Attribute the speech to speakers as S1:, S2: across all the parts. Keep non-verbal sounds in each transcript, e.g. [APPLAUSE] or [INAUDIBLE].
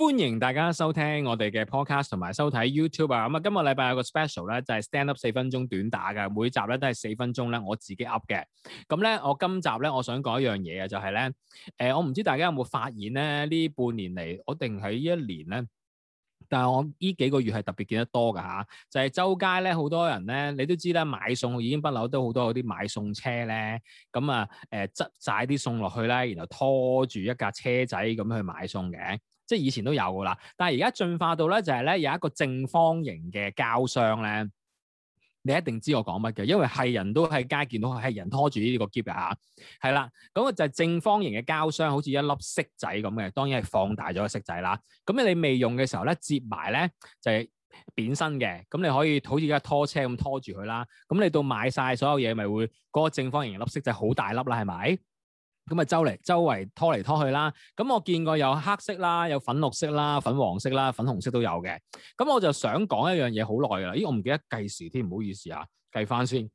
S1: 歡迎大家收聽我哋嘅 podcast 同埋收睇 YouTube 啊！咁啊，今日禮拜有個 special 咧，就係 Stand Up 四分鐘短打噶每集咧都係四分鐘咧，我自己噏嘅。咁咧，我今集咧，就是呃，我想講一樣嘢啊，就係咧，誒，我唔知大家有冇發現咧？呢半年嚟，我定喺呢一年咧，但係我呢幾個月係特別見得多噶吓，就係，是，周街咧，好多人咧，你都知啦，買餸已經不嬲都好多嗰啲買餸車咧，咁，嗯，啊，誒，呃，執晒啲餸落去咧，然後拖住一架車仔咁去買餸嘅。即係以前都有㗎啦，但係而家進化到咧就係、是、咧有一個正方形嘅膠箱咧，你一定知我講乜嘅，因為係人都喺街見到係人拖住呢個篋吓係啦，咁啊、那個、就係正方形嘅膠箱，好似一粒色仔咁嘅，當然係放大咗個色仔啦。咁你未用嘅時候咧，折埋咧就係、是、扁身嘅，咁你可以好似而家拖車咁拖住佢啦。咁你到買晒所有嘢咪會嗰個正方形粒色仔好大粒啦，係咪？咁咪周嚟，周圍拖嚟拖去啦。咁我見過有黑色啦，有粉綠色啦，粉黃色啦，粉紅色都有嘅。咁我就想講一樣嘢好耐啦。咦，我唔記得計時添，唔好意思啊，計翻先。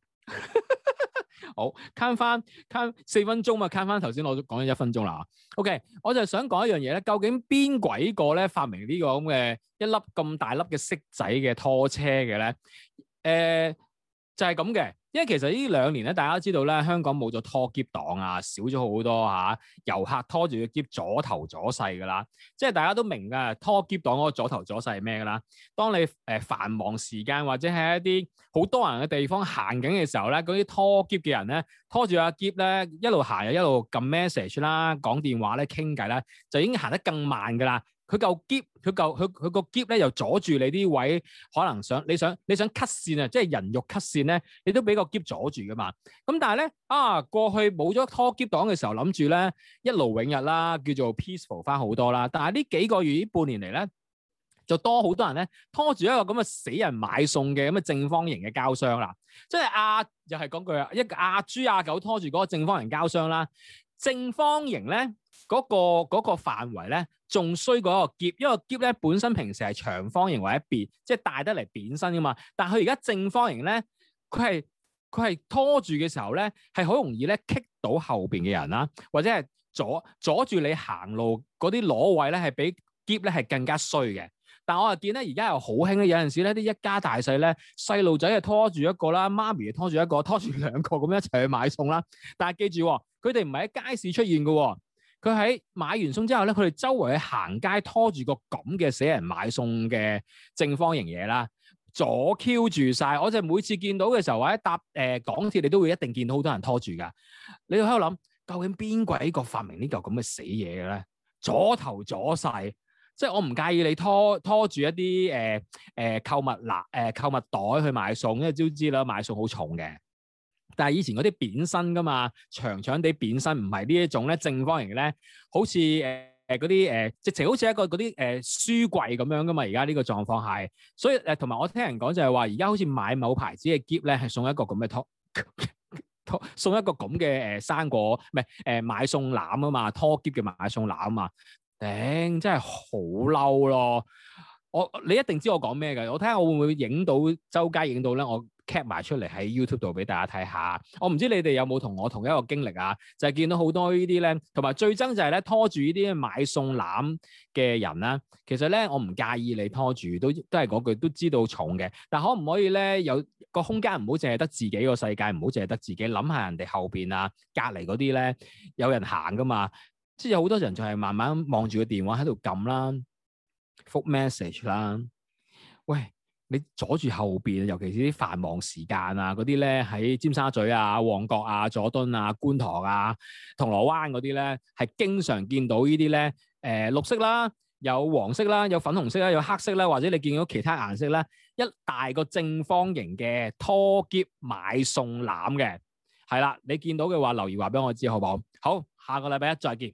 S1: 好，count 翻，count 四分鐘呀，count 翻頭先，我講咗一分鐘啦。OK，我就想講一樣嘢咧，究竟邊鬼個咧發明呢個咁嘅一粒咁大粒嘅色仔嘅拖車嘅咧？誒，就係咁嘅。因為其實呢兩年咧，大家都知道咧，香港冇咗拖篋黨啊，少咗好多嚇、啊，遊客拖住個篋左頭左勢噶啦。即係大家都明㗎，拖篋黨嗰個左頭左勢係咩㗎啦？當你誒繁忙時間或者喺一啲好多人嘅地方行緊嘅時候咧，嗰啲拖篋嘅人咧，拖住阿篋咧，一路行又一路撳 message 啦，講電話咧，傾偈啦，就已經行得更慢㗎啦。佢嚿喼，佢嚿佢佢個喼咧又阻住你啲位，可能想你想你想 cut 線啊，即係人肉 cut 線咧，你都俾個喼阻住㗎嘛。咁但係咧啊，過去冇咗拖喼檔嘅時候，諗住咧一勞永逸啦，叫做 peaceful 翻好多啦。但係呢幾個月呢半年嚟咧，就多好多人咧拖住一個咁嘅死人買餸嘅咁嘅正方形嘅膠箱啦，即係啊，又係講句啊，一阿豬阿狗拖住嗰個正方形膠箱啦。正方形咧嗰、那個嗰、那個範圍咧仲衰過一個篋，因為篋咧本身平時係長方形或者扁，即係大得嚟扁身噶嘛。但佢而家正方形咧，佢係佢係拖住嘅時候咧，係好容易咧棘到後邊嘅人啦，或者係阻阻住你路行路嗰啲攞位咧，係比篋咧係更加衰嘅。但我又見咧，而家又好興咧，有陣時咧啲一家大細咧，細路仔係拖住一個啦，媽咪係拖住一個，拖住兩個咁樣一齊去買餸啦。但係記住，佢哋唔係喺街市出現嘅，佢喺買完餸之後咧，佢哋周圍去行街，拖住個咁嘅死人買餸嘅正方形嘢啦，阻 Q 住晒，我哋每次見到嘅時候，或者搭誒、呃、港鐵，你都會一定見到好多人拖住㗎。你喺度諗，究竟邊鬼個發明呢嚿咁嘅死嘢嘅咧？阻頭阻晒。阻即係我唔介意你拖拖住一啲誒誒購物籃誒、呃、購物袋去買餸，因為知唔知啦？買餸好重嘅。但係以前嗰啲扁身噶嘛，長長地扁身唔係呢一種咧，正方形嘅咧，好似誒嗰啲誒，呃呃、直情好似一個嗰啲誒書櫃咁樣噶嘛。而家呢個狀況係，所以誒同埋我聽人講就係話，而家好似買某牌子嘅夾咧，係送一個咁嘅拖拖 [LAUGHS] 送一個咁嘅誒生果，唔係誒買餸籃啊嘛，拖夾嘅買餸籃啊嘛。頂真係好嬲咯！我你一定知我講咩嘅？我睇下我會唔會影到周街影到咧？我 capture 埋出嚟喺 YouTube 度俾大家睇下。我唔知你哋有冇同我同一個經歷啊？就係見到好多呢啲咧，同埋最憎就係咧拖住呢啲買餸籃嘅人啦。其實咧我唔介意你拖住，都都係嗰句都知道重嘅。但可唔可以咧有個空間唔好淨係得自己個世界，唔好淨係得自己諗下人哋後邊啊隔籬嗰啲咧有人行噶嘛？即係有好多人就係慢慢望住個電話喺度撳啦、覆 message 啦。喂，你阻住後邊，尤其是啲繁忙時間啊，嗰啲咧喺尖沙咀啊、旺角啊、佐敦啊、觀塘啊、銅鑼灣嗰啲咧，係經常見到呢啲咧，誒、呃、綠色啦、有黃色啦、有粉紅色啦、有黑色啦，或者你見到其他顏色咧，一大個正方形嘅拖喼買餸籃嘅，係啦，你見到嘅話，留言話俾我知好唔好？好，下個禮拜一再見。